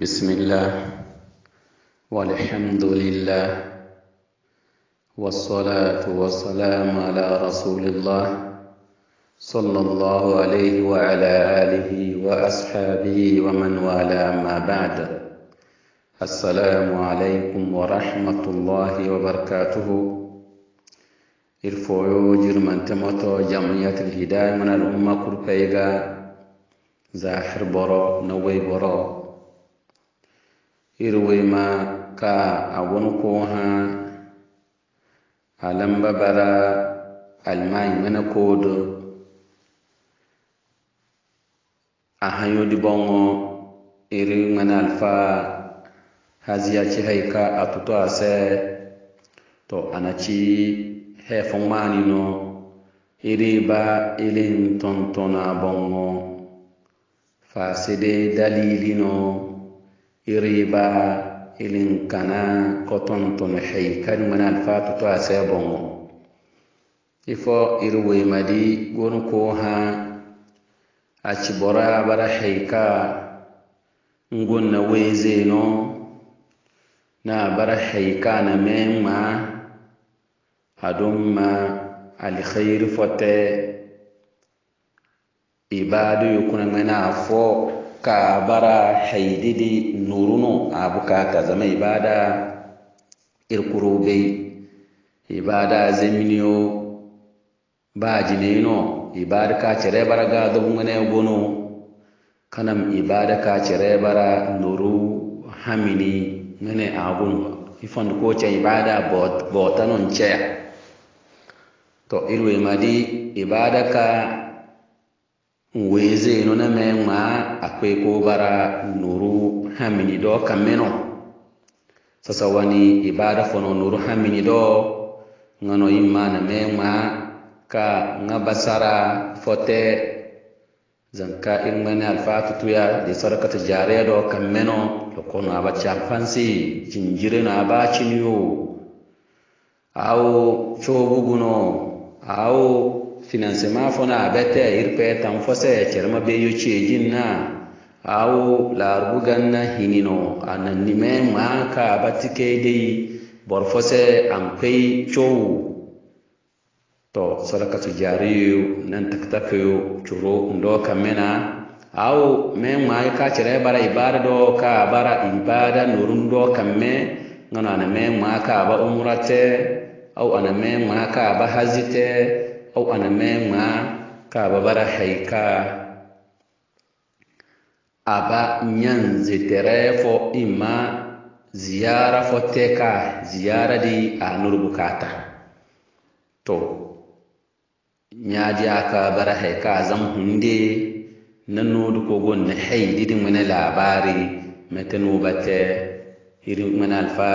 بسم الله والحمد لله والصلاة والسلام على رسول الله صلى الله عليه وعلى آله وأصحابه ومن والاه ما بعد السلام عليكم ورحمة الله وبركاته ارفعوا جرمان تموتو جمعية الهداية من الأمة كل زاحر حربرو نوي برو irwema ka awon ko ha alamba bara almai mana kodo a di bongo iri mana alfa haziya ci haika a ase to anaci hefon mani no iri ba ilin tontona bongo fasede dalili no iriba ilin kana koton tono hei mana to ase bongo ifo irwe madi gonu ko ha aci bara hei ka na weze no na bara hei na memma hadum ma fote ibadu yukuna ngana afo. ka bara haidede nuruno abuka ka zama ibada irkurogai ibada zeminiyo bajineno ibada ka cire bara ga dubungane gono kanam ibada ka cire bara nuru hamini ngane agun ifan ko ce ibada botanon ce to irwe madi ibada ka weezeno na me ŋmaa a ko bara nuru hamini do kameno sasa wani ibada fono nuru hamini do ngano yimma na me ma ka ngabasara fote zanka iŋmene alfatu tuya di sarakata jariya do kammeno lokono aba campansi na abachi niyo awo chobuguno awo financement fana a bete a yirpe tan fose carma be yocceejin na aw laarugu gan na hinino a nannime maaka a battikeydey bor fose an pey cow to sorakatu jaariyu nan taktakeyo coro ndo kammena aw me maayi ka cere bara ibada do ka bara ibada norun do kamme ngano ana me maaka aba umurate aw ana me maaka aba hazite au ana me ŋmaa ka ba bara haika aba nyanze tere fo imma ziyara fo teka ziyara di a bukata to ñaadi aka bara haika zam hunde na nodu ko na haidi di ŋmene labari metenu bate iri ŋmene alfa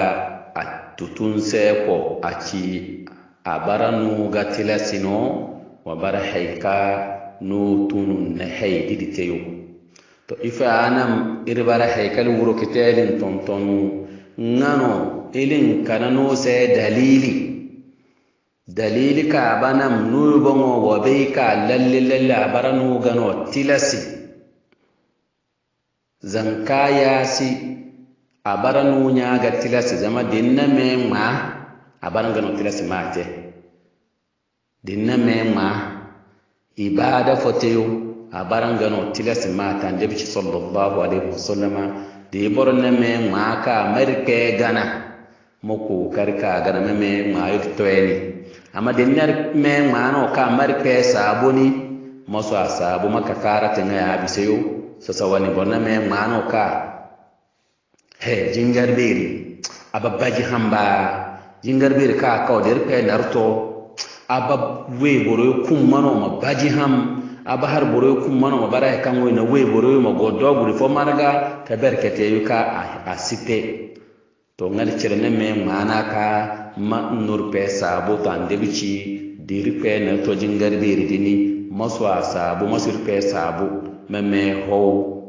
a tutun seko a ci a bara nuga tila sino wa bara haika tunu na te teyo to ife anam haika haikal wuro kitelin tontonu ngano ilin kana no se dalili dalili ka banam bongo wa beika lalle lalle a bara nuga no tilasi si a bara ga tilasi zama dinna me ma. abarangano tira simaate dinna me ma ibada foteyo abarangano tira simaata andebici sallallahu alaihi wasallama di boro na me ma ka amerike gana mo kokari ka gana me me ma yoto toyeni amma dinna me ma no ka amerike saboni maso a sabu maka karata ta ya biseyo sasa wani bonna me ma no ka he jingar beri ababbaji hamba jingar bir ka kaw der pe larto aba we boro kum mano ma baji ham aba har boro kum mano ma bara kan we na we boro ma godo guri fo yu ka a site to ngal cirne me mana ka ma nur pe sabo tan debici dir pe na to jingar bir dini maswa sabo masir pe sabo me me ho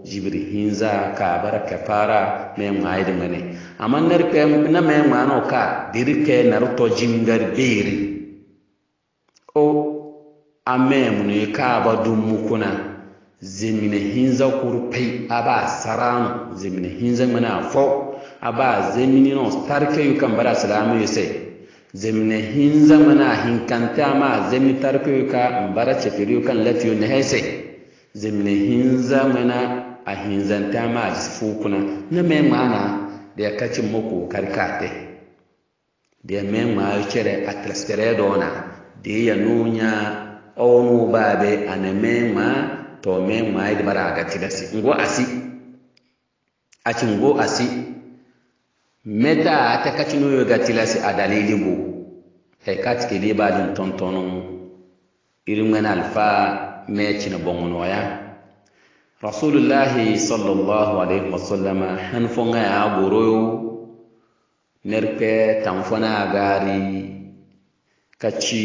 jibri hinza ka baraka para. me ngai de mane amma ŋar ke na ma no ka ke na ruto jingar beeri o ne ka ba dum mu kuna zemine hinza kuru pei a baa saranu hinza mana a aba a baa zemini tarike yu kan bara salamu yese sɛ hinza mana a ma a maa zemi tarike yu ka n bara cɛfiri yu kan lati ne hese sɛ zemine hinza ŋmɛna a ma a maa fu kuna na mɛ na. ya kakyi moko karikate deɛ mɛŋmaa kyerɛ atrɛsɛrɛ dɔɔna deɛ yɛ nuunya ɔwɔnu baabe ana mema tɔ mɛŋmaa yɛ bara ga tilasi ngo asi aci ngo asi mɛta ta kakyi nuyo ga tilasi a dalili bo hɛi kati kele ba tɔntɔnu tontonon irin alifa mɛ cina bɔŋɔ nɔya. rasulullahi sallallahu alaihi wasallam han fonga ya goroyo nerpe tamfona agari kaci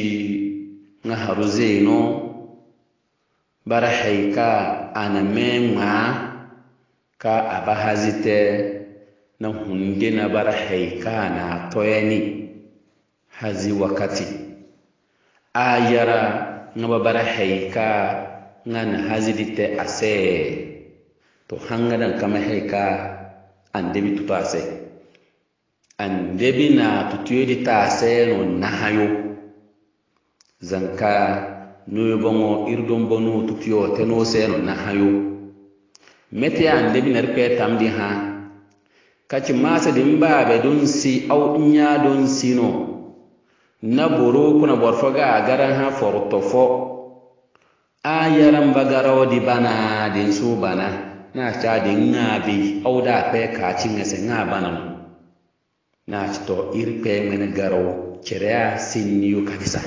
nga haruzeno bara haika ana ŋmaa ka abahazite na hunde na bara haika na toyani hazi wakati ayara nga bara haika ngan hasidite ase to hangadan kama hey ka an debi tuto ase an debi na tutuyodita ase no nahayo zanka nuyobongo irdombonu tutuyo teno se no nahayo mete an debi narpe tamdi ha kaci masa dimbabe don si au nya don sino na boro kuna borfoga agaran ha forotofo ayaran bagaro di bana din su bana na cha din nga bi au da pe ka cin ngase nga bana na ci to ir pe men garo kirea sin yu ka kabisa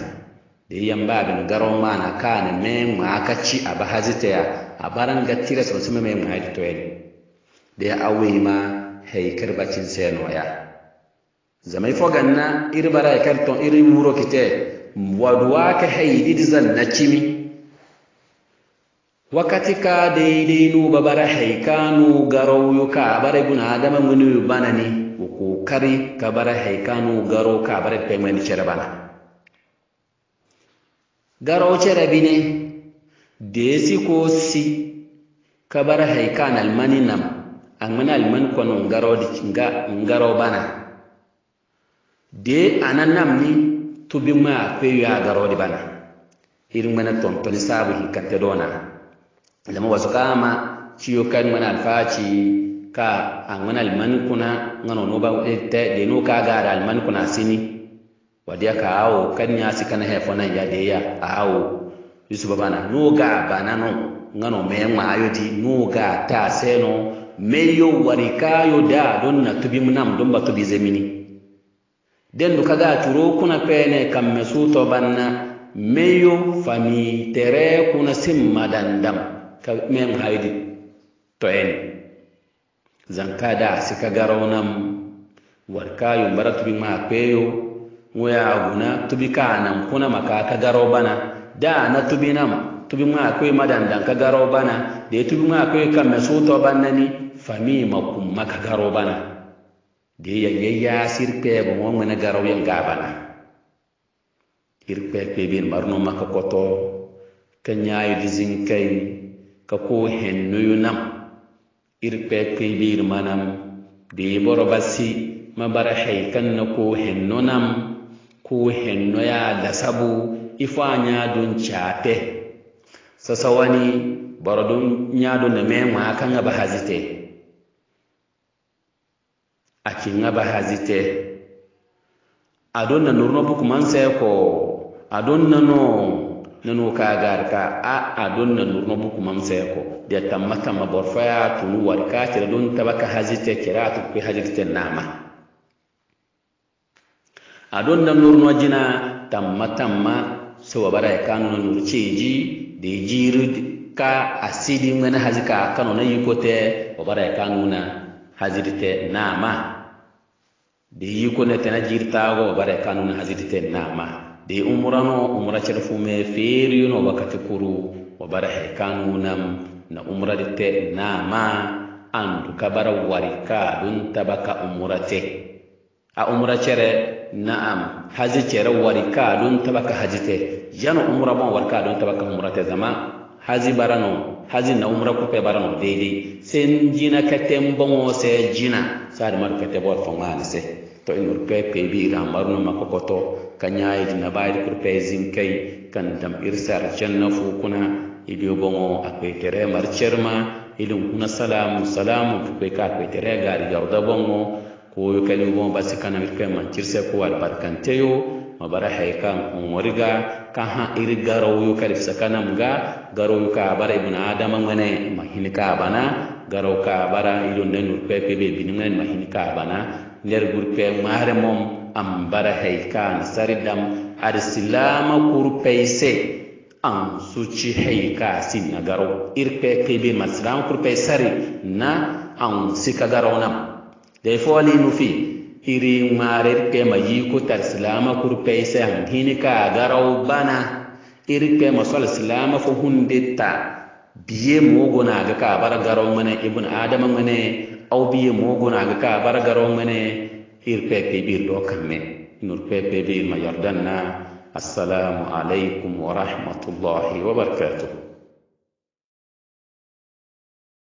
de ba bin garo mana ne me ma ka ci ba hazita ya baran ga tira so sume me ma to yen de awe ma hay karbacin seno ya zamai na ir bara e karton ir muro kite wadwa ka haydi zan na cimi wakati ka daidai ba bara haikanu garau yuka bara guna adama muni banani ukukari ka bara haikanu garo ka bara pemani cerbana garau cerbine desi ko si ka bara haikan almani nam angmana alman kono ngaro di bana Dee ana namni ni tubi ma peyu a garo di bana irin mana tontoni saabu hinkante dona zama wasu kama ciyo kan mana alfaci ka a ngana almankuna kuna ngana no ba eh, te de no ka ga almankuna alman sini wadiya ka awo kan ya si kana hefo nan ya de ya awo yusu baba na no ga bana no ngana me ma ayo di no ga ta seno no me yo wari ka yo da don na tubi munam don ba tubi zemini den du kaga turo kuna pene kam mesuto banna meyo fami tere kuna simma dandam men haidi to en zanka da sika garonam warkayo mara tubi ma peyo waya guna tubi ka nan kuna maka ka garo bana da na tubi nam tubi ma akwai madanda ka garo bana da ya tubi ma akwai kan mesoto banna ni fami makum maka garo bana da ya yi ya sirpe ba mo na garo yan ga bana irpe pe bin marno maka koto kanyayo dizin kai ka ko kako hennuyu nam ir kpɛkpɛibir manam dee bɔrɔba si ma bara hɛikan na ko henno nam ko henno ya lasabu ifo a nyaadun caate sasawani bɔrɔdun nyaadu na mɛ ŋmaa ka ŋa ba hazite a ki ŋa ba hazite adon na nurno bukuman sɛ ko adon na noo nanu ka gar ka a a don na nur no buku mam se ko de tamata ma bor faya tu nu war ka tira don tabaka hazite kira tu ku hazite nama a don na nur no jina tamata ma so wabara e kanu na nur ceji de jiru ka asidi ngana hazika kanu na yikote wabara e kanu na hazite nama de yikone tena jirtago wabara e kanu na hazite nama de umrano umra cer fume no wakati kuru wa bara he kanunam na de te ma andu ka bara wari ka dun taba ka umra te a umra cere na'am haji cere wari ka dun taba ka haji te yana umra bon wari ka dun taba ka umra te zama hazi barano hazi na umra kupe barano daidai sen jina katen bongo se jina sari mar kate bor fongani se to in urpe pe bi ga marno makokoto kanyayi dina bayri kurpe zinkai kan dam irsar janna fu kuna ido bongo akwai tere mar cerma ilin kuna salamu salamu kai ka akwai tere gari gauda bongo ko yo kalu bongo basi kana mirkai man cirse ko y'o. mabara haykan umoriga kaha iri garowu kalifsa kanamga garowu ka bara ibn adama ngane ka bana garow ka bara ilonde nurpepe be bini ngane mahini ka bana nder gurpe ŋmare mom am bara haykan saridam ar silama kurpeyse an suci haika sin na garo irpe ma masran kurpe sari na an sika garo nam da ifo ali nufi hiri ŋmaarir kpɛma yiiko tari kurpe kur pɛisɛham hini ka garaw bana iri ma sol silama fo hunde ta biye na naaga ka bara garaw mene ibn adama mene aw biye na naaga ka bara garaw ŋmene ir kpɛkpɛ bir ɗo kamme nur kpɛkpɛ bir ma yordan na assalamu alaikum warahmatullahi wabarakatuh